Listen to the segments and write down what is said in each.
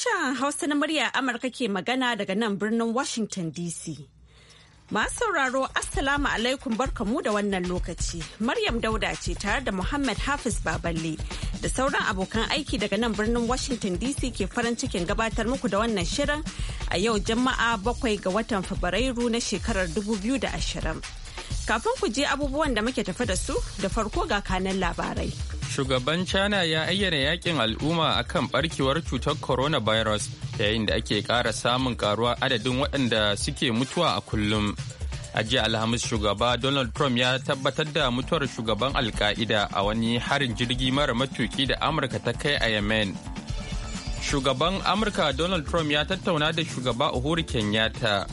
Sashen Hausa na murya Amurka ke magana daga nan birnin Washington DC. Masu sauraro Assalamu alaikum barkamu da wannan lokaci. Maryam Dauda ce tare da Muhammad Hafiz Baballe da sauran abokan aiki daga nan birnin Washington DC ke farin cikin gabatar muku da wannan shirin a yau Juma'a bakwai ga watan Fabrairu na shekarar 2020. Kafin ku je abubuwan da muke tafi da su da farko ga kanan labarai. Shugaban China ya ayyana yakin al'umma akan barkewar cutar coronavirus yayin da ake kara samun karuwa adadin waɗanda suke mutuwa a kullum. a jiya alhamis shugaba donald trump ya tabbatar da mutuwar shugaban alka'ida a wani harin jirgi mara matuki da amurka ta kai a yemen shugaban amurka donald trump ya tattauna da shugaba uhuru kenyatta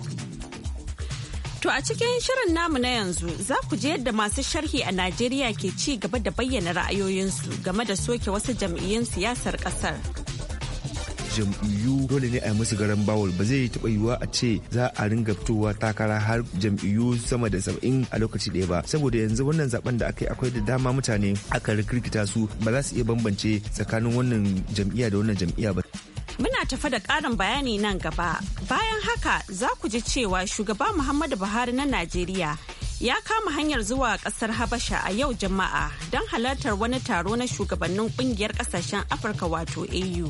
To a cikin shirin namu na yanzu za ku je yadda masu sharhi a Najeriya ke ci gaba da bayyana ra'ayoyinsu game da soke wasu jam'iyyun siyasar ƙasar. jam'iyyu dole ne a musu garan bawul ba zai taɓa yiwuwa a ce za a ringa fitowa takara har jam'iyyu sama da saba'in a lokaci ɗaya ba saboda yanzu wannan zaben da aka yi akwai da dama mutane aka rikirkita su ba za su iya bambance tsakanin wannan jam'iyya da wannan jam'iyya ba. Muna tafa da ƙarin bayani nan gaba. Bayan haka za ku ji cewa shugaba Muhammadu Buhari na Najeriya ya kama hanyar zuwa ƙasar Habasha a yau jama'a don halartar wani taro na shugabannin ƙungiyar ƙasashen Afirka wato AU.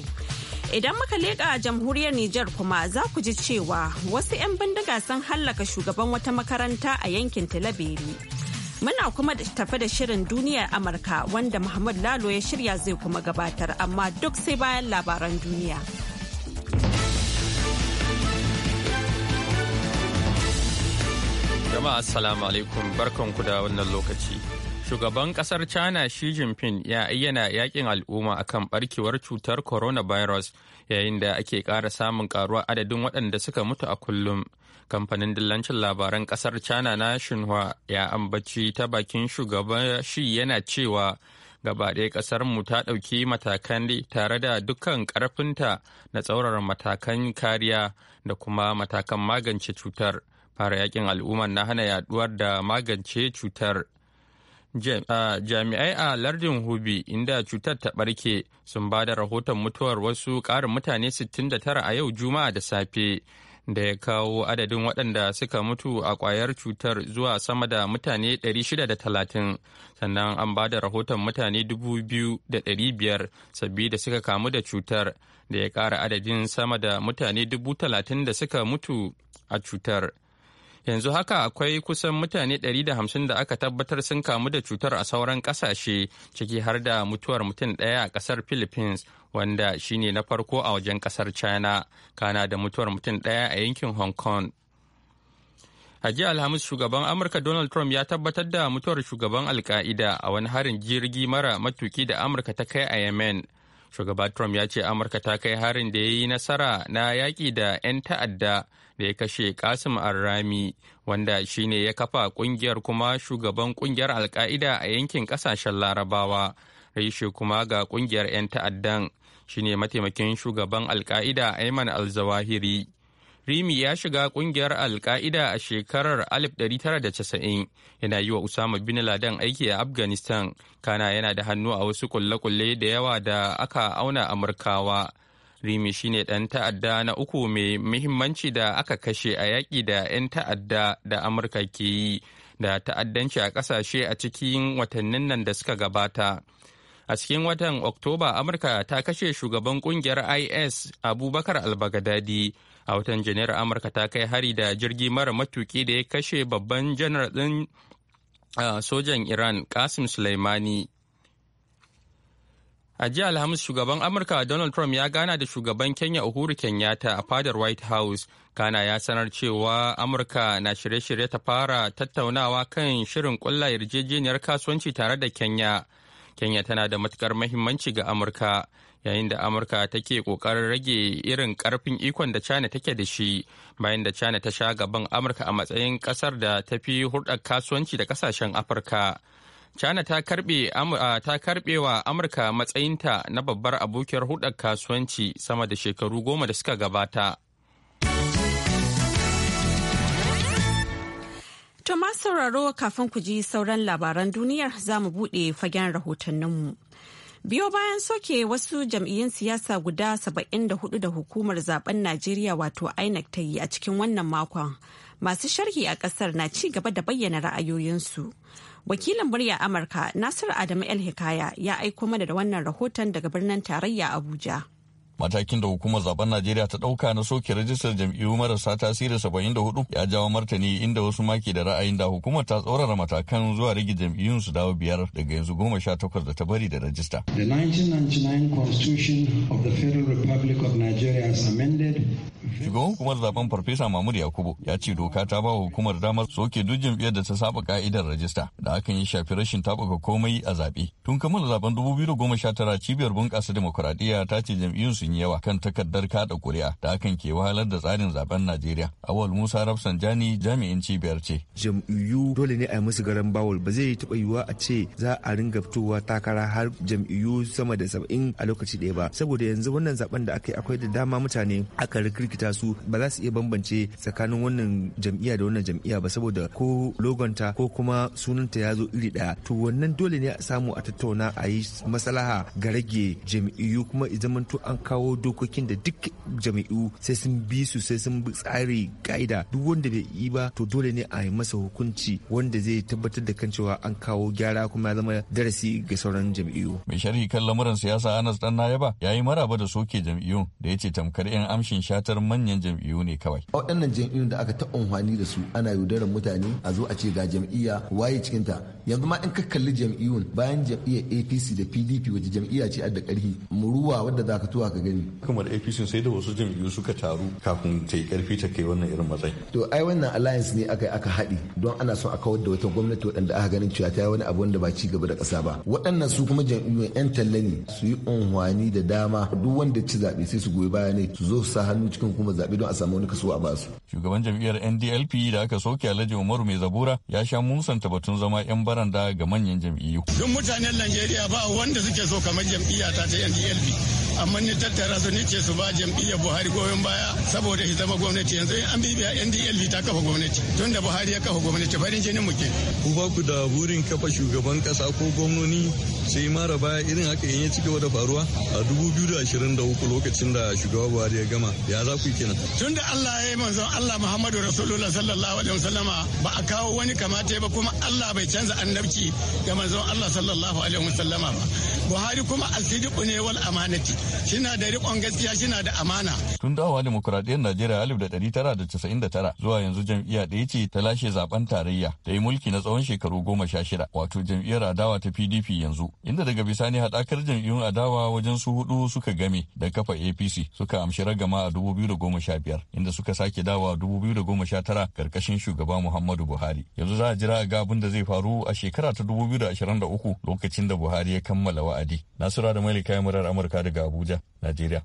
Idan muka leƙa jamhuriyar Nijar kuma za ku ji cewa wasu 'yan bindiga sun hallaka shugaban wata makaranta a yankin Talabiri. Muna kuma tafi da shirin duniyar Amurka wanda Muhammad Lalo ya shirya zai kuma gabatar amma duk sai bayan labaran duniya. Jama'a Assalamu alaikum barkanku da wannan lokaci. Shugaban kasar China Xi Jinping ya ayyana yakin al'umma akan barkewar cutar coronavirus yayin da ake kara samun karuwa adadin waɗanda suka mutu a kullum. Kamfanin dillancin labaran kasar China na Xinhua ya ambaci ta bakin shugaban shi yana cewa gaba ɗaya ƙasar mu ta ɗauki matakan tare da dukkan karfinta na tsaurara matakan kariya da kuma matakan magance cutar. Fara yakin al'umma na hana yaduwar da magance cutar. jami'ai a lardin hubi inda cutar ta barke sun ba da rahoton mutuwar wasu ƙarin mutane 69 a yau juma'a da safe da ya kawo adadin waɗanda suka mutu a ƙwayar cutar zuwa sama da mutane 630 sannan an ba da rahoton mutane 2,500 sabi da suka kamu da cutar da ya ƙara adadin sama da mutane 30,000 da suka mutu a cutar. yanzu haka akwai kusan mutane 150 da aka tabbatar sun kamu da cutar a sauran kasashe ciki har da mutuwar mutum ɗaya a ƙasar philippines wanda shine na farko a wajen ƙasar china kana da mutuwar mutum ɗaya a yankin hong kong a alhamis shugaban amurka donald trump ya tabbatar da mutuwar shugaban alka'ida a wani harin jirgi mara matuki da amurka ta kai a yemen shugaba trump ya ce amurka ta kai harin da ya yi nasara na yaƙi da 'yan ta'adda da ya kashe kasim arrami wanda shine ya kafa kungiyar kuma shugaban kungiyar alka'ida a yankin kasashen larabawa reshe kuma ga kungiyar 'yan ta'addan shine mataimakin shugaban alka'ida ayman al-zawahiri rimi ya shiga kungiyar alka'ida a shekarar 1990 yana yi wa usama bin laden aiki a afghanistan kana yana da hannu a wasu kulle-kulle da yawa da aka auna amurkawa Rimi shine ɗan ta'adda na uku mai muhimmanci da aka kashe a yaƙi da 'yan ta'adda da Amurka ke yi da ta'addanci a ƙasashe a cikin watannin nan da suka gabata. A cikin watan Oktoba, Amurka ta kashe shugaban ƙungiyar IS Abubakar albagadadi A watan Janairu, Amurka ta kai hari da jirgi mara matuƙi da ya kashe babban janar ɗin sojan Iran, kasim Soleimani. A jiya Alhamis shugaban Amurka Donald Trump ya gana da shugaban Kenya Uhuru Kenyatta a fadar White House. Kana ya sanar cewa Amurka na shirye-shirye ta fara tattaunawa kan shirin ƙulla yarjejeniyar kasuwanci tare da Kenya. Kenya tana da matukar mahimmanci ga Amurka yayin da Amurka take kokarin rage irin karfin ikon da China take da shi bayan da China ta sha gaban Amurka a matsayin kasar da ta fi hulɗar kasuwanci da kasashen Afirka. China ta karbe ta karbe wa Amurka matsayinta na babbar abokiyar hudar kasuwanci sama da shekaru goma da suka gabata. To sauraro kafin ku ji sauran labaran duniyar za mu buɗe fagen rahotanninmu. biyo bayan soke wasu jam'iyyun siyasa guda 74 da hukumar zaben najeriya wato inec ta yi a cikin wannan makon masu sharhi a kasar na ci gaba da bayyana ra'ayoyinsu Wakilin murya Amurka Nasir Adamu El Hikaya ya aiko mana da wannan rahoton daga birnin tarayya Abuja. Matakin da hukumar zaben Najeriya ta ɗauka na soke rajistar jam'iyyu marasa tasiri saba'in da hudu ya jawo martani inda wasu maki da ra'ayin da hukumar ta tsaurara matakan zuwa rage jam'iyyun su dawo biyar daga yanzu goma sha takwas da ta bari da rajista. The 1999 Constitution of the Federal Republic of Nigeria Shugaban hukumar zaben Farfesa Mahmud Yakubu ya ce doka ta ba hukumar damar soke duk jam'iyyar da ta saba ka'idar rajista da hakan ya shafi rashin tabaka komai a zaɓe. Tun kamar zaben tara, cibiyar bunƙasa demokuraɗiyya ta ce jam'iyyun su sun yawa kan takardar kada kuri'a da hakan ke wahalar da tsarin zaben Najeriya. Awal Musa Rafsanjani jami'in cibiyar ce. Jam'iyyu dole ne a yi musu garan bawul ba zai taɓa yiwuwa a ce za a ringa fitowa takara har jam'iyyu sama da saba'in a lokaci ɗaya ba. Saboda yanzu wannan zaben da aka yi akwai da dama mutane aka rikirkita su ba za su iya bambance tsakanin wannan jam'iyya da wannan jam'iyya ba saboda ko logonta ko kuma sunanta ya zo iri ɗaya. To wannan dole ne a samu a tattauna a yi maslaha ga rage jam'iyyu kuma idan an kawo kawo dokokin da duk jami'u sai sun bi su sai sun bi tsari ka'ida duk wanda bai yi ba to dole ne a yi masa hukunci wanda zai tabbatar da kan cewa an kawo gyara kuma ya zama darasi ga sauran jami'u. Mai sharhi kan lamuran siyasa Anas Dan Nayaba ya yi maraba da soke jam'iyyun da ya ce tamkar 'yan amshin shatar manyan jam'iyyu ne kawai. a Waɗannan jam'iu da aka taɓa amfani da su ana yaudarar mutane a zo a ce ga jam'iyya waye cikinta yanzu ma in ka kalli jam'iyyun bayan jam'iyyar APC da PDP wace jam'iyya ce a da ƙarfi muruwa wadda za ka tuwa ka gani kuma apc sai da wasu jam'iyyu suka taru kafin ta yi karfi ta kai wannan irin matsayi to ai wannan alliance ne aka aka haɗi don ana son a kawar da wata gwamnati waɗanda aka ganin cewa ta yi wani abu wanda ba ci gaba da ƙasa ba waɗannan su kuma jam'iyyun yan talla ne su yi unhwani da dama duk wanda ci zaɓe sai su goyi baya ne su zo su sa hannu cikin kuma zaɓe don a samu wani kaso a basu shugaban jam'iyyar ndlp da aka soke alhaji umaru mai zabura ya sha musanta batun zama yan baranda ga manyan jam'iyyu duk mutanen najeriya ba wanda suke so kamar jam'iyyata ta ndlp amma ni tattara su ni ce su ba jam'iyyar Buhari goyon baya saboda shi zama gwamnati yanzu in an bibiya NDLV ta kafa gwamnati tun da Buhari ya kafa gwamnati farin jinin mu ke. Ku ba ku da burin kafa shugaban kasa ko gwamnoni sai mara baya irin haka in ya ci gaba da faruwa a 2023 lokacin da shugaba Buhari ya gama ya za ku yi kenan. Tun da Allah ya yi manzon Allah Muhammadu Rasulullah sallallahu alaihi wasallama ba a kawo wani kamata ba kuma Allah bai canza annabci ga manzon Allah sallallahu alaihi wasallama ba. Buhari kuma asidiku ne wal amanati shina da rikon gaskiya shina da amana. Tun dawowa demokuraɗiyyar Najeriya alif da ɗari tara da casa'in da tara zuwa yanzu jam'iyya ɗaya ce ta lashe zaben tarayya ta yi mulki na tsawon shekaru goma sha shida wato jam'iyyar adawa ta PDP yanzu inda daga bisani haɗakar jam'iyyun adawa wajen su hudu suka game da kafa APC suka amshi ragama a dubu biyu da goma sha biyar inda suka sake dawa dubu biyu da goma sha tara karkashin shugaba Muhammadu Buhari. Yanzu za a jira ga abin da zai faru a shekara ta dubu biyu da ashirin da uku lokacin da Buhari ya kammala wa'adi. Nasura da Malika murar Amurka daga Abuja. Abuja, Najeriya.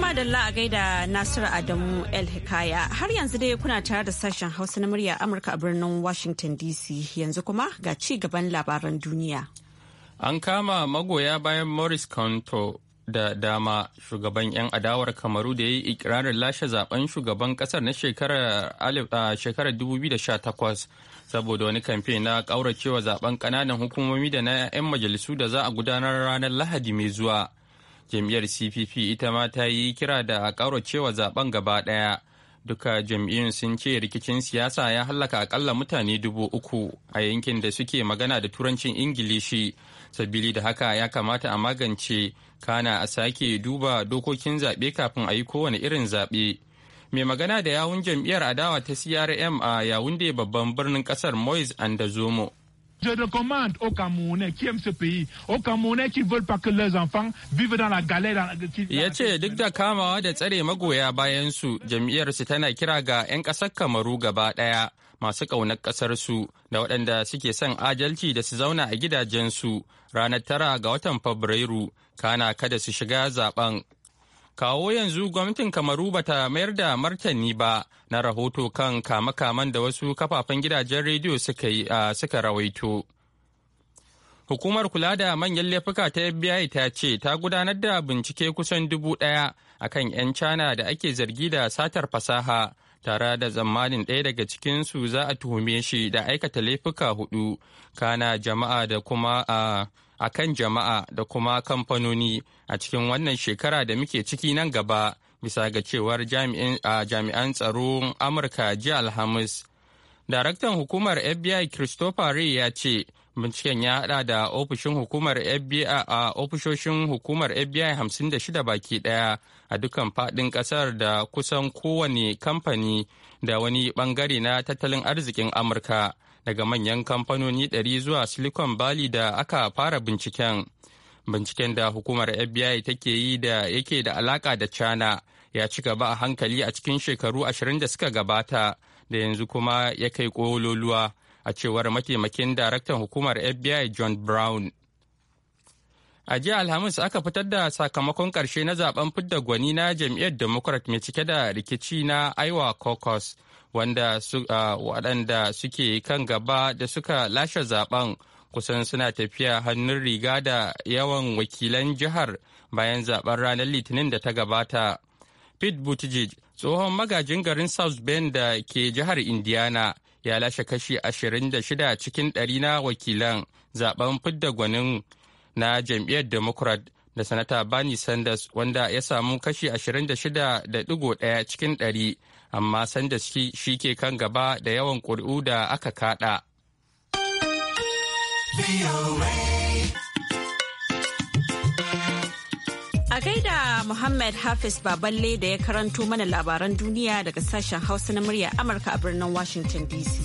madalla a gaida Nasiru Adamu El Hikaya har yanzu dai kuna tare da sashen Hausa na murya Amurka a birnin Washington DC yanzu kuma ga ci gaban labaran duniya. An kama magoya bayan Morris Kanto da dama shugaban 'yan adawar kamaru da ya yi ikirarin lashe zaben shugaban kasar na shekarar 2018 saboda wani kamfe na kauracewa zaben kananan hukumomi da na 'yan majalisu da za a gudanar ranar lahadi mai zuwa jam'iyyar cpp ita ma ta yi kira da kauracewa zaben gaba daya duka jam'iyyun sun ce rikicin siyasa ya hallaka akalla mutane dubu uku a yankin da suke magana da turancin ingilishi sabili da haka ya kamata a magance kana a sake duba dokokin zaɓe kafin a yi kowane irin zaɓe mai magana da yawun jam'iyyar adawa ta crm a yawunde babban birnin ƙasar moise andazomo Je recommande aux Camerounais qui aiment ce pays, aux Camerounais qui veulent pas que leurs enfants vivent dans la galère. Ya ce duk da kamawa da tsare magoya bayan su jam'iyyar su tana kira ga 'yan ƙasar Kamaru gaba ɗaya masu ƙaunar ƙasarsu da waɗanda suke son ajalci da su zauna a gidajensu ranar tara ga watan Fabrairu, kana kada su shiga zaben. Kawo yanzu gwamnatin Kamaru bata mayar da martani ba na rahoto kan kame da wasu kafafen gidajen rediyo suka rawaito. Hukumar kula da manyan laifuka ta FBI ta ce ta gudanar da bincike kusan dubu ɗaya akan 'yan China da ake zargi da satar fasaha tare da tsammanin ɗaya daga cikinsu za a tuhume shi da aikata laifuka hudu kana jama'a da kuma a a kan jama'a da kuma kamfanoni a cikin wannan shekara da muke ciki nan gaba bisa ga cewar jami'an tsaro amurka jiya alhamis daraktan hukumar fbi christopher ray ya ce Binciken ya hada da ofishin hukumar FBI a ofishoshin hukumar FBI 56 baki daya a dukkan fadin kasar da kusan kowane kamfani da wani bangare na tattalin arzikin Amurka daga manyan kamfanoni 100 zuwa Silicon Valley da aka fara binciken. Binciken da hukumar FBI take yi da yake da alaka da China ya ci gaba a hankali a cikin shekaru 20 da suka gabata da yanzu kuma ya kai kololuwa. a cewar mataimakin daraktan hukumar FBI John Brown. A jiya Alhamis aka fitar da sakamakon ƙarshe na zaben fidda gwani na jam'iyyar Democrat mai cike da rikici na Iowa caucus wanda su, uh, waɗanda suke kan gaba da suka lashe zaben kusan suna tafiya hannun riga da yawan wakilan jihar bayan zaben ranar Litinin da ta gabata. Pete Buttigieg tsohon magajin garin South Bend da ke jihar Indiana ya lashe kashi 26 cikin ɗari na wakilan zaben fidda gwanin na jam'iyyar democrat da sanata bernie sanders wanda ya samu kashi 26.1 cikin ɗari amma sanders shi ke kan gaba da yawan ƙuri'u da aka kada. A gaida Muhammad Hafiz Baballe da ya karanto mana labaran duniya daga sashen Hausa na murya Amurka a birnin Washington DC.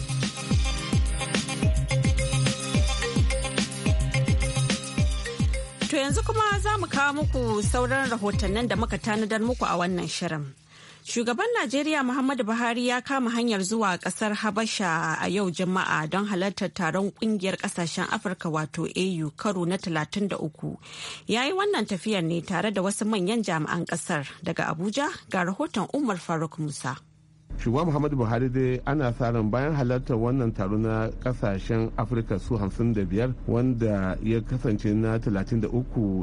To yanzu kuma za mu kawo muku sauran rahotannin da muka tanadar muku a wannan shirin. Shugaban Najeriya Muhammadu Buhari ya kama hanyar zuwa kasar Habasha a yau Juma'a don halartar taron kungiyar kasashen Afirka wato AU karo na 33. Ya yi wannan tafiyar ne tare da wasu manyan jami'an kasar daga Abuja ga rahoton Umar Faruk Musa. shugaban muhammadu buhari dai ana sa ran bayan halartar wannan taro na kasashen afirka su 55 wanda ya kasance na 33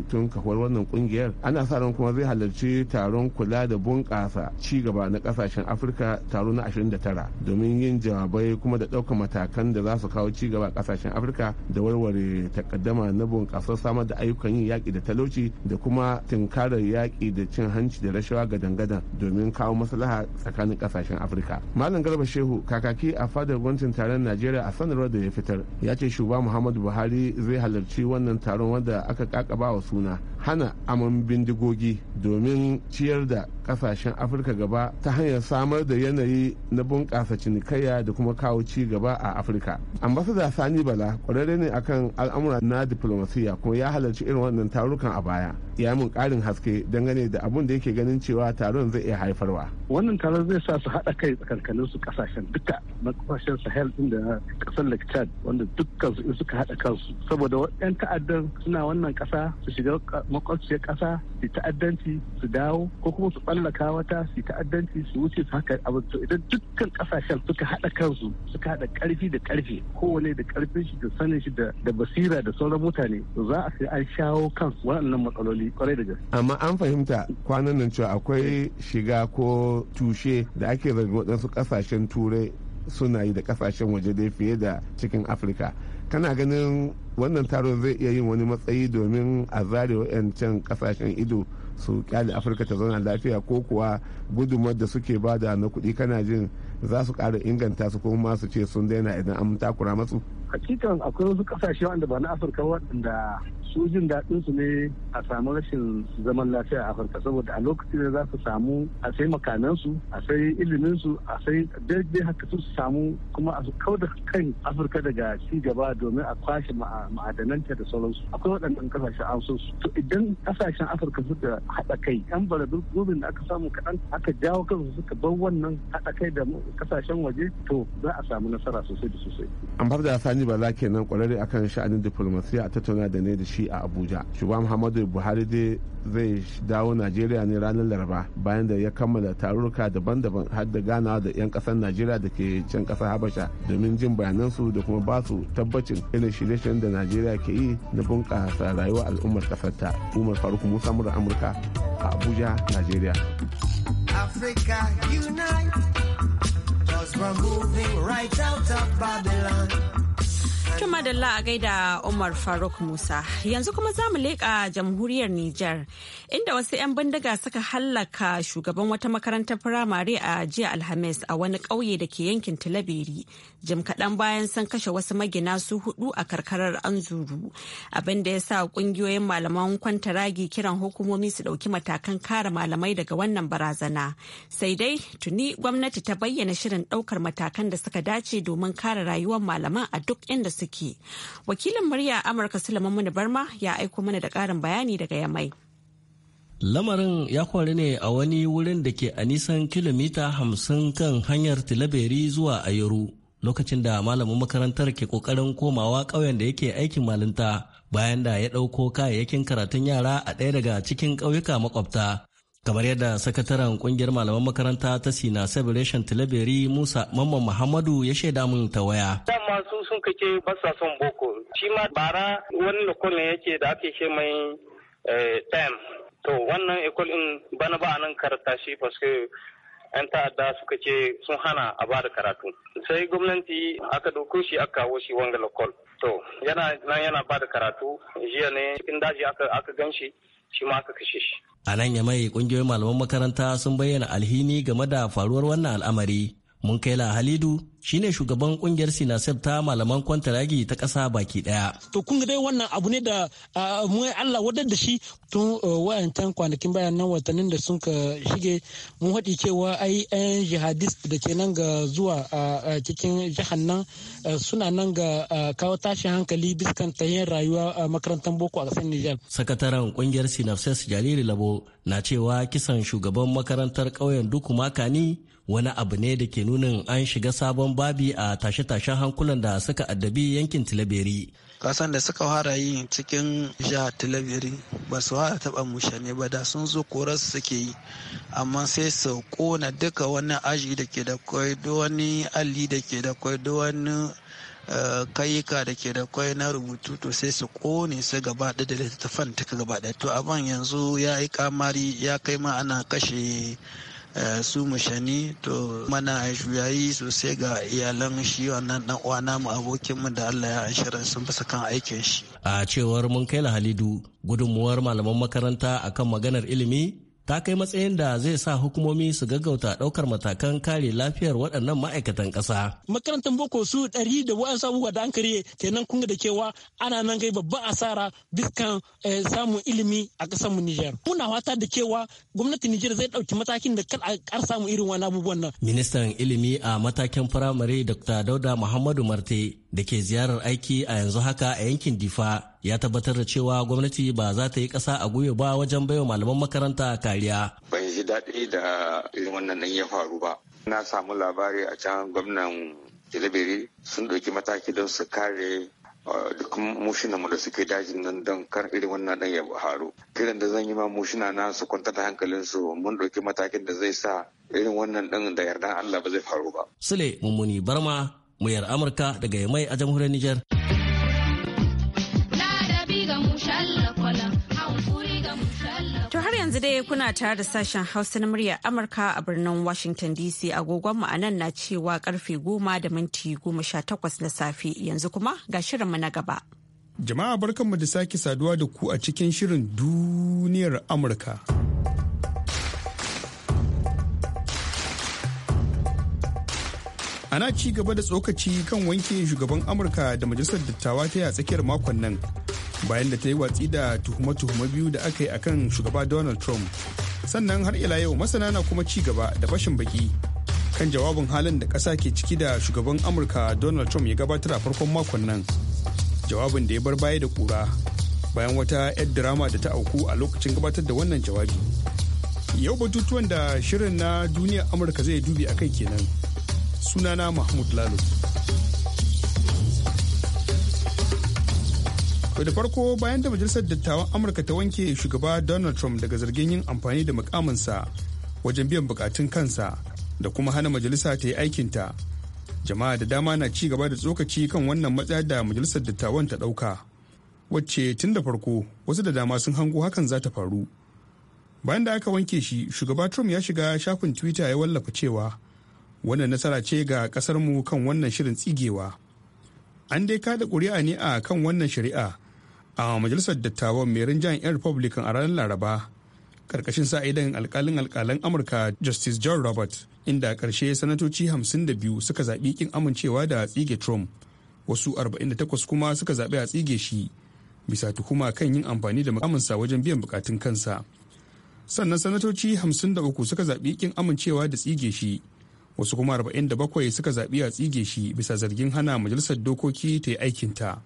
tun kahuwar wannan kungiyar ana sa ran kuma zai halarci taron kula da bunƙasa gaba na kasashen afirka taro na 29 domin yin jawabai kuma da ɗaukar matakan da za su kawo cigaba a kasashen afirka da warware takaddama na bunƙasa samar da ayyukan yin yaƙi da talauci da kuma tunkarar yaƙi da cin hanci da rashawa gadan-gadan domin kawo maslaha tsakanin kasashen afirka afirka malam garba shehu kakaki a fadar gwamnatin taron najeriya a sanarwar da ya fitar ya ce shugaba muhammadu buhari zai halarci wannan taron wanda aka kakaba wa suna hana aman bindigogi domin ciyar da kasashen afirka gaba ta hanyar samar da yanayi na bunƙasa cinikayya da kuma kawo ci gaba a afirka ambasada sani bala ƙwararre ne akan al'amura na diplomasiya kuma ya halarci irin wannan tarukan a baya ya mun ƙarin haske dangane da abun da yake ganin cewa taron zai iya haifarwa wannan taron zai sa su haɗa kai tsakankanin su kasashen duka na kasashen sahel din da kasar lake wanda dukkan su suka haɗa kansu saboda 'yan ta'addan suna wannan kasa su shiga makwabciyar ƙasa su ta'addanci su dawo ko kuma su tsallaka wata su ta'addanci su wuce su haka abin to idan dukkan ƙasashen suka haɗa kansu suka haɗa ƙarfi da ƙarfe kowane da ƙarfin shi da sanin shi da basira da sauran mutane za a sai an shawo kan waɗannan matsaloli kwarai da gaske. amma an fahimta kwanan nan cewa akwai shiga ko tushe da ake zargi waɗansu ƙasashen turai suna yi da ƙasashen waje dai fiye da cikin afirka kana ganin wannan taron zai iya yin wani matsayi domin a zare wa'yancan kasashen ido su kyale afirka ta zauna lafiya ko kuwa gudumar da suke bada na kuɗi kana jin za su ƙara inganta su kuma su ce sun daina idan an takura masu hakikan akwai wasu kasashe wanda ba na afirka waɗanda su jin daɗin su ne a samu rashin zaman lafiya a afirka saboda a lokacin da za su samu a sai su a sai iliminsu a sai daidai haka su samu kuma a kau da kan afirka daga ci gaba domin a kwashe ma'adananta da sauransu akwai waɗannan kasashe an so su to idan kasashen afirka suka haɗa kai yan duk gobin da aka samu kaɗan aka jawo kansu suka bar wannan haɗa kai da kasashen waje to za a samu nasara sosai da sosai. an da sani bala kenan kwararre akan sha'anin diplomasiya a tattauna da ne da shi a abuja shugaban muhammadu buhari dai zai dawo najeriya ne ranar laraba bayan da ya kammala tarurruka daban-daban har da ganawa da 'yan kasar najeriya da ke can kasar habasha domin jin bayanansu da kuma ba su tabbacin irin shirye-shiryen da najeriya ke yi na bunƙasa rayuwar al'ummar kasar ta umar faruk musa mura amurka a abuja najeriya Africa unite, we're moving right out of Babylon. Tun madalla a gaida Umar Faruk Musa. Yanzu kuma za mu leƙa jamhuriyar Nijar, inda wasu 'yan bindiga suka hallaka shugaban wata makarantar firamare a jiya Alhamis a wani ƙauye da ke yankin tilabiri Jim kaɗan bayan sun kashe wasu magina su hudu a karkarar Anzuru. Abin da ya sa ƙungiyoyin malaman kwanta ragi kiran hukumomi su ɗauki matakan kare malamai daga wannan barazana. Sai dai tuni gwamnati ta bayyana shirin ɗaukar matakan da suka dace domin kare rayuwar malaman a duk inda suke. Wakilin murya Amurka Sulaiman Barma ya aiko mana da ƙarin bayani daga Yamai. Lamarin ya kwari ne a wani wurin da ke a nisan kilomita hamsin kan hanyar Tilaberi zuwa Ayoro lokacin da malamin makarantar ke kokarin komawa ƙauyen da yake aikin malinta bayan da ya ɗauko kayayyakin karatun yara a ɗaya daga cikin ƙauyuka makwabta kamar yadda sakataren kungiyar malaman makaranta ta sina celebration tilaberi musa mamman muhammadu ya shaida mun ta waya dama su sun kake basa son boko shi ma bara wani lokacin yake da ake ce mai eh, tem to wannan ekol in bana ba nan karanta shi paske yan ta'adda suka ce sun hana a ba da karatu sai gwamnati aka doko shi aka kawo shi wanga lokol to yana nan yana ba da karatu jiya ne cikin daji aka gan shi shi ma aka kashe shi A nan ya mai kungiyoyin malaman makaranta sun bayyana alhini game da faruwar wannan al'amari mun la Halidu shine shugaban kungiyar Sinasef ta malaman kwantaragi ta kasa baki daya. To kun dai wannan abu ne da mu Allah wadar da shi tun uh, wayancan kwanakin bayan nan watannin da sun ka shige mun haɗi cewa ai yan eh, jihadist da ke nan ga zuwa cikin jihar nan uh, suna nan ga kawo tashin hankali biskan yin rayuwa a makarantar boko a ƙasar Nijar. Sakataren kungiyar Sinasef Jaliri Labo na cewa kisan shugaban makarantar kauyen Dukuma makani. wani abu ne da ke nunin an shiga sabon babi a tashe-tashen hankulan da suka addabi yankin tilaberi kasan da suka fara yi cikin jihar tilabiri ba su fara taba mushe ne ba da sun zo korar suke yi amma sai su kona duka wani aji da ke da kwai wani alli da ke da kwai wani eh, kayika da ke da kwai na rubutu to sai su kone su gaba da littattafan ta gaba to abin yanzu ya yi kamari ya kai ma ana kashe Eh, su mushani to mana juyayi sosai ga iyalan shi wannan dan uwa namu abokin mu da Allah ya ashirin sun fasa kan aikin shi a cewar mun kai halidu gudunmuwar malaman makaranta akan maganar ilimi ta kai matsayin da zai sa hukumomi su gaggauta ɗaukar matakan kare lafiyar waɗannan ma'aikatan ƙasa. Makarantar boko su ɗari da wa'an sabuwa da an karye kenan kun da cewa ana nan kai babban asara biskan eh, samun ilimi a ƙasar mu Nijar. Muna fata da cewa gwamnatin Nijar zai ɗauki matakin da kar a samu irin wani abubuwan nan. Ministan ilimi a matakin firamare Dr. Dauda Muhammadu Marte da ke ziyarar aiki a yanzu haka a yankin Difa ya tabbatar da cewa gwamnati ba za ta yi kasa a gwiwa ba wajen baiwa malaman makaranta kariya. Ban ji daɗi da irin wannan nan ya faru ba. Na samu labari a can gwamnan Jelibiri sun ɗauki mataki don su kare uh, duk mushinanmu da suke dajin nan don kar irin wannan nan ya faru. kiran da zan yi ma mushina na su kwanta da hankalinsu mun ɗauki matakin da zai sa irin wannan ɗin da yardan Allah ba zai faru ba. Sule Mummuni Barma muryar amurka daga yamai a jamhuriyar niger To har yanzu dai kuna tare da sashen hausa na muryar amurka a birnin washington dc agogonmu a anan na cewa karfe goma da minti goma sha takwas na safe yanzu kuma ga shirinmu na gaba jama'a barkanmu da sake saduwa da ku a cikin shirin duniyar amurka ana ci gaba da tsokaci kan wanke shugaban amurka da majalisar dattawa ta yi a tsakiyar makon nan bayan da ta yi watsi da tuhume-tuhume biyu da aka yi a kan shugaba donald trump sannan har ila yau masana na kuma ci gaba da fashin baki kan jawabin halin da kasa ke ciki da shugaban amurka donald trump ya gabatar a farkon makon nan jawabin da ya bar baya da kura bayan wata 'yar drama da ta auku a lokacin gabatar da wannan jawabi yau batutuwan da shirin na duniyar amurka zai dubi akai kenan sunana mahmud lalo da farko bayan da majalisar dattawan amurka ta wanke shugaba donald trump daga zargin yin amfani da mukaminsa wajen biyan bukatun kansa da kuma hana majalisa ta yi aikinta jama'a da dama na ci gaba da tsokaci kan wannan matsaya da majalisar dattawan ta ɗauka wacce tun da farko wasu da dama sun hango hakan za ta faru bayan da aka wanke shi shugaba trump ya shiga shafin twitter ya wallafa cewa wannan nasara ce ga kasarmu kan wannan shirin tsigewa an dai kada ƙuri'a ne a kan wannan shari'a a majalisar dattawan mai rinjayen 'yan republican a ranar laraba karkashin sa idan alkalin alkalan amurka justice john robert inda karshe sanatoci 52 suka zaɓi kin amincewa da tsige trump wasu 48 kuma suka zaɓi a tsige shi bisa tuhuma kan yin amfani da makamansa wajen biyan bukatun kansa sannan sanatoci 53 suka zaɓi kin amincewa da tsige shi wasu kuma 47 suka zaɓi a tsige shi bisa zargin hana majalisar dokoki ta yi aikinta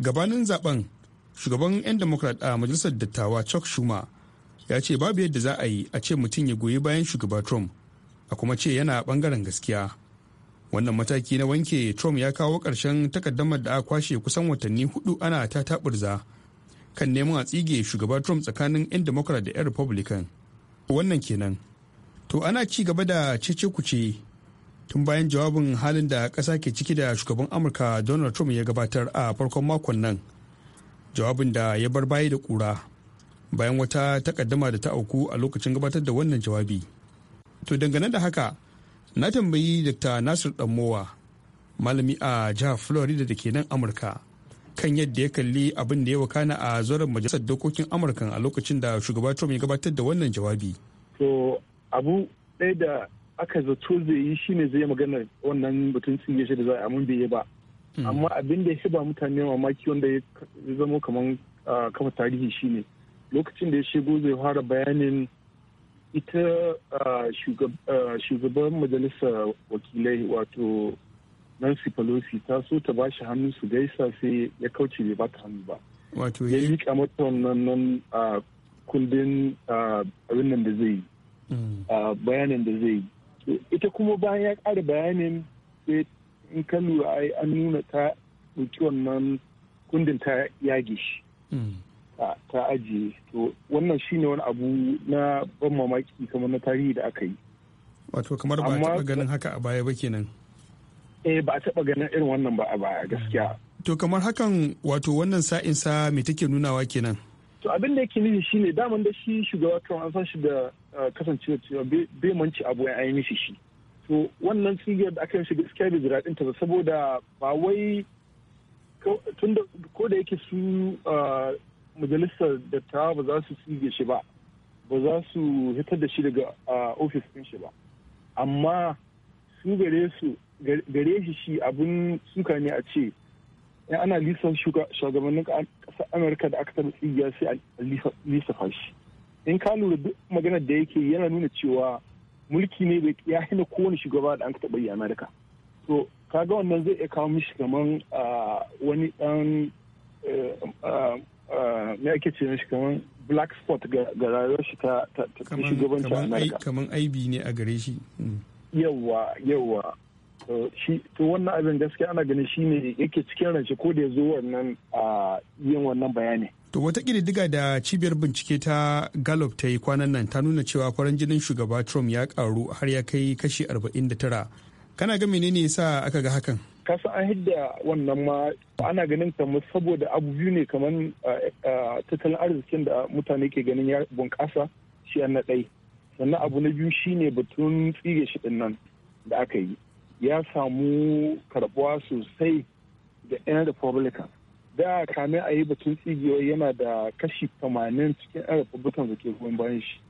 gabanin zaben shugaban 'yan democrat a majalisar dattawa chuck schumer ya ce babu yadda za a yi a ce mutum ya goyi bayan shugaba trump a kuma ce yana bangaren gaskiya wannan mataki na wanke trump ya kawo ƙarshen takaddamar da a kwashe kusan watanni hudu ana ta taɓurza kan neman a tsige shugaba trump tsakanin 'yan democrat da 'yan republican wannan kenan to ana ci gaba da cece kuce tun bayan jawabin halin da ƙasa ke ciki da shugaban amurka donald trump ya gabatar a farkon makon nan jawabin da ya bar bayi da ƙura bayan wata takaddama da ta auku a lokacin gabatar da wannan jawabi to dangane da haka na tambayi dr nasir Ɗanmowa, malami a jihar florida da ke nan amurka kan yadda ya kalli abin da ya wakana a zoren majalisar dokokin amurka a lokacin da shugaba trump ya gabatar da wannan jawabi abu ɗaya da aka zato zai yi shine zai magana wannan batun cinye shi da za a amin bai yi ba hmm. amma abin da ya ba mutane mamaki wanda ya zama kamar kafa tarihi shine lokacin da ya shigo zai fara bayanin ita shugaban majalisar wakilai wato Nancy Pelosi ta so ta ba shi hannu su gaisa sai ya kauce bai bata ta hannu ba. Wato ya liƙa mata wannan kundin abin nan da zai yi. bayanin da zai ita kuma bayan ya ƙara bayanin sai in ka lura ai an nuna ta ɗauki wannan kundin ta yage shi hmm. ta ajiye to wannan shine wani abu na ban mamaki kamar na tarihi da aka yi wato kamar ba a taɓa ganin haka a baya ba kenan eh ba a taɓa ganin irin wannan ba a baya gaskiya hmm. to kamar hakan wato wannan sa'in sa me take nunawa kenan to abin da yake nufi shine daman da shi shugaba Trump an san shi da uh, kasancewa cewa bai manci abu ya ayi mishi shi to wannan tsigiyar da aka yi shi gaskiya bai jira ta saboda ba wai ko da yake su uh, majalisar da ta ba za su tsige shi ba ba za su hitar da shi daga uh, ofis ɗin shi ba amma su gare su gare shi shi abun suka ne a ce in eh, ana lisan shugabannin ƙasar amurka da aka taɓa tsigiya sai a lisafa shi in ka lura duk maganar da yake yana nuna cewa mulki ne bai ya hina kowane shugaba da an ka taɓa yi amurka to kaga wannan zai iya kawo mishi kaman wani ɗan eh, me ake ce mishi kaman black spot ga rayuwar shi ta shugabancin amurka kaman aibi ne a gare shi hmm. yawwa yawwa shi to wannan abin gaskiya ana ganin shi ne yake cikin rance ko da ya zo wannan yin wannan bayani to wata diga da cibiyar bincike ta gallup ta yi kwanan nan ta nuna cewa farin jinin shugaba trump ya karu har ya kai kashi 49 kana ga menene yasa aka ga hakan kasan an hidda wannan ma ana ganin kamar saboda abu biyu ne kamar tattalin arzikin da mutane ke ganin ya bunƙasa shi an na sannan abu na biyu shine batun tsige shi dinnan da aka yi ya samu karbuwa sosai da 'yan republican da kamin a yi batun tsigiyar yana da kashi 80 cikin 'yan republican da ke goyon bayan shi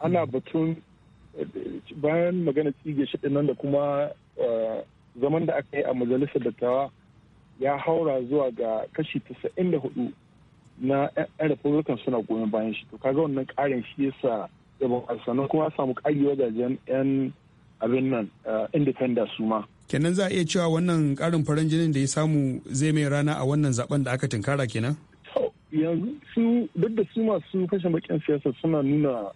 ana hmm. batun bayan magana tsige shi nan da kuma eh, zaman da aka yi a majalisar dattawa ya haura zuwa ga kashi 94 na 'yan republican suna goyon bayan shi to kaga wannan karin shi yasa da ba kuma samu kari wajajen 'yan abin nan eh, independent su ma kenan za a iya cewa wannan karin farin jinin da ya samu zai mai rana a wannan zaben da aka tinkara kenan yanzu su duk da su masu kashe bakin siyasa suna nuna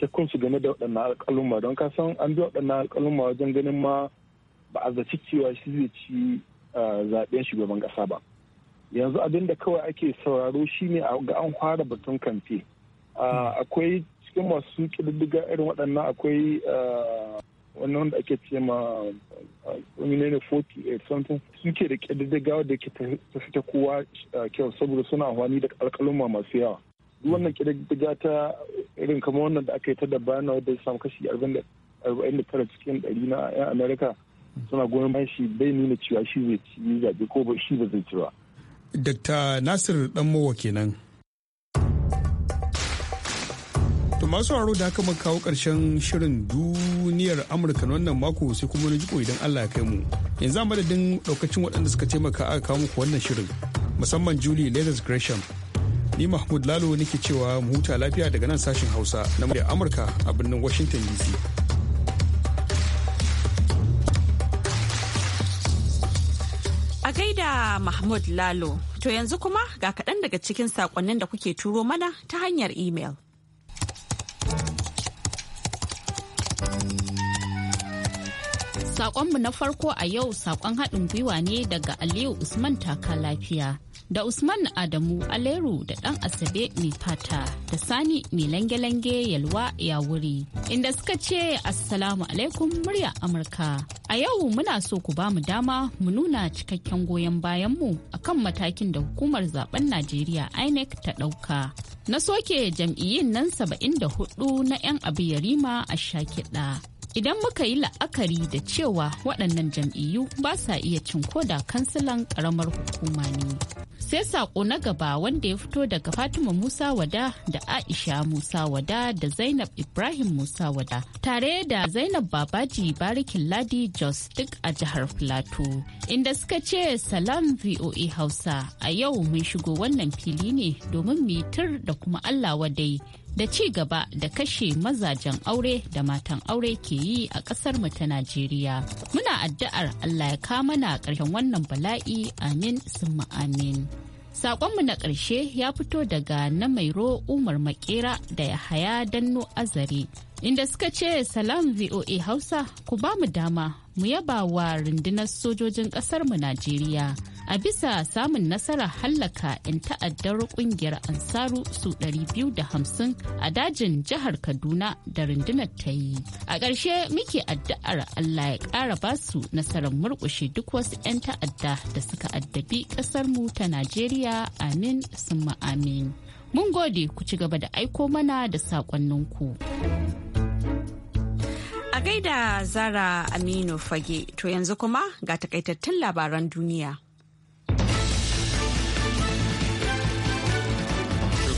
shakkunsu game da waɗannan alƙaluma don ka san an bi waɗannan alƙaluma wajen ganin ma ba a zaci cewa shi zai ci eh, zaɓen shugaban ƙasa ba yanzu abin da kawai ake sauraro shi ne ga an fara batun kamfe ah, akwai cikin masu ƙididdiga irin waɗannan akwai eh, wannan wanda ake ce ma ne 48 something suke da ƙididdigawa da ke ta fita kowa kyau saboda suna hwani da alkaluma masu yawa wannan ƙididdiga ta irin kama wannan da aka yi ta da bayana wadda ya samu kashi 49 cikin 100 na 'yan amerika suna goyon bayan shi bai nuna cewa shi zai ci zaɓe ko shi ba zai ci ba. Dr. Nasir Danmowa kenan. masu haro da haka muka kawo ƙarshen shirin duniyar Amurka na wannan mako sai kuma na jiko idan Allah ya kai mu. Yanzu a madadin ɗaukacin waɗanda suka taimaka aka kawo muku wannan shirin musamman Julie Leathers Gresham. Ni Mahmud Lalo nake cewa mu huta lafiya daga nan sashen Hausa na muryar Amurka a birnin Washington DC. A gaida Mahmud Lalo, to yanzu kuma ga kaɗan daga cikin saƙonnin da kuke turo mana ta hanyar imel. Sakonmu na farko a yau sakon haɗin gwiwa ne daga Aliyu Usman Taka Lafiya. Da Usman Adamu Aleru da ɗan Asabe mai fata da Sani mai lange-lange yalwa ya wuri. Inda suka ce Assalamu alaikum murya Amurka. A yau muna so ku ba mu dama mu nuna cikakken goyon bayanmu a kan matakin da hukumar zaben Najeriya INEC ta ɗauka. Na soke jam'iyyun nan 74 na 'yan abu yarima a shakiɗa. idan muka yi la'akari da cewa waɗannan jam'iyyu ba sa iya cin da kansilan ƙaramar hukuma ne sai saƙo na gaba wanda ya fito daga fatima musa wada da aisha musa wada da zainab ibrahim musa wada tare da zainab babaji barikin ladi jos duk a jihar Filato. inda suka ce salam voa hausa a yau mun shigo wannan fili ne domin mitar da kuma allah wadai da ci gaba da kashe mazajen aure da matan aure ke yi a ƙasar mu ta Najeriya. Muna addu'ar Allah ya ka mana ƙarshen wannan bala'i amin summa amin. Sakonmu na ƙarshe ya fito daga na mairo Umar Makera da Yahaya dannu Azare, inda suka ce salam VOA Hausa ku ba mu dama mu yaba wa rundunar sojojin mu Najeriya. a bisa samun nasarar hallaka 'yan ta'addar kungiyar ansaru su 250 a dajin jihar kaduna da rundunar ta yi a ƙarshe muke addu'ar allah ya ƙara basu nasarar murƙushe duk wasu 'yan ta'adda da suka addabi ƙasarmu ta najeriya amin summa amin mun gode ku ci gaba da aiko mana da saƙonninku. a gaida zara aminu fage to yanzu kuma ga takaitattun labaran duniya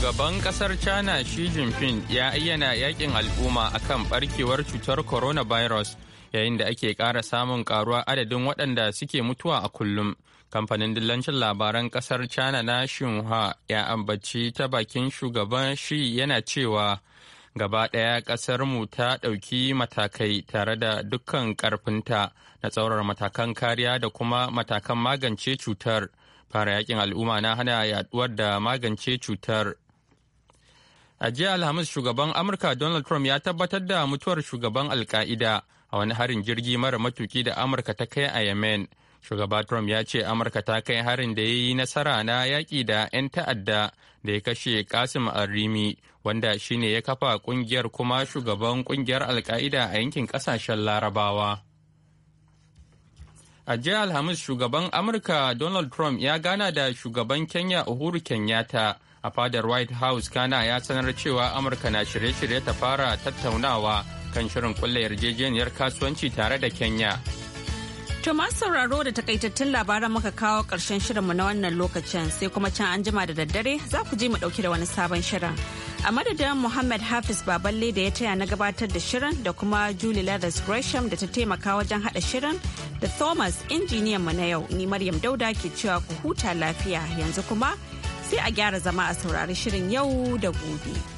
Shugaban kasar China Xi Jinping ya ayyana yakin al'umma akan barkewar cutar coronavirus yayin da ake kara samun karuwa adadin waɗanda suke mutuwa a kullum. Kamfanin dillancin labaran kasar China na Xinhua ya ambaci ta bakin shugaban shi yana cewa gaba ɗaya ƙasarmu ta ɗauki matakai tare da dukkan karfinta na tsaurar matakan kariya da kuma matakan magance cutar. Fara yakin al'umma na hana yaduwar da magance cutar A jiya Alhamis shugaban Amurka Donald Trump ya tabbatar da mutuwar shugaban Alka'ida a wani harin jirgi mara matuki da Amurka ta kai a Yemen. Shugaba Trump ya ce Amurka ta kai harin da ya yi nasara na yaƙi da 'yan ta'adda da ya kashe Kasim Arrimi wanda shine ya kafa ƙungiyar kuma shugaban ƙungiyar Alka'ida a yankin ƙasashen Larabawa. A jiya Alhamis shugaban Amurka Donald Trump ya gana da shugaban Kenya Uhuru Kenyatta. a fadar white house kana ya sanar cewa amurka na shirye-shirye ta fara tattaunawa kan shirin kulle yarjejeniyar kasuwanci tare da kenya To masu sauraro da takaitattun labaran muka kawo ƙarshen shirinmu na wannan lokacin sai kuma can an jima da daddare za ku ji mu ɗauki da wani sabon shirin. A madadin Muhammad Hafiz Baballe da ya taya na gabatar da shirin da kuma Julie Leathers Gresham da ta taimaka wajen haɗa shirin da Thomas injiniyan mu na yau ni Maryam Dauda ke cewa ku huta lafiya yanzu kuma sai a gyara zama a saurari shirin yau da gobe.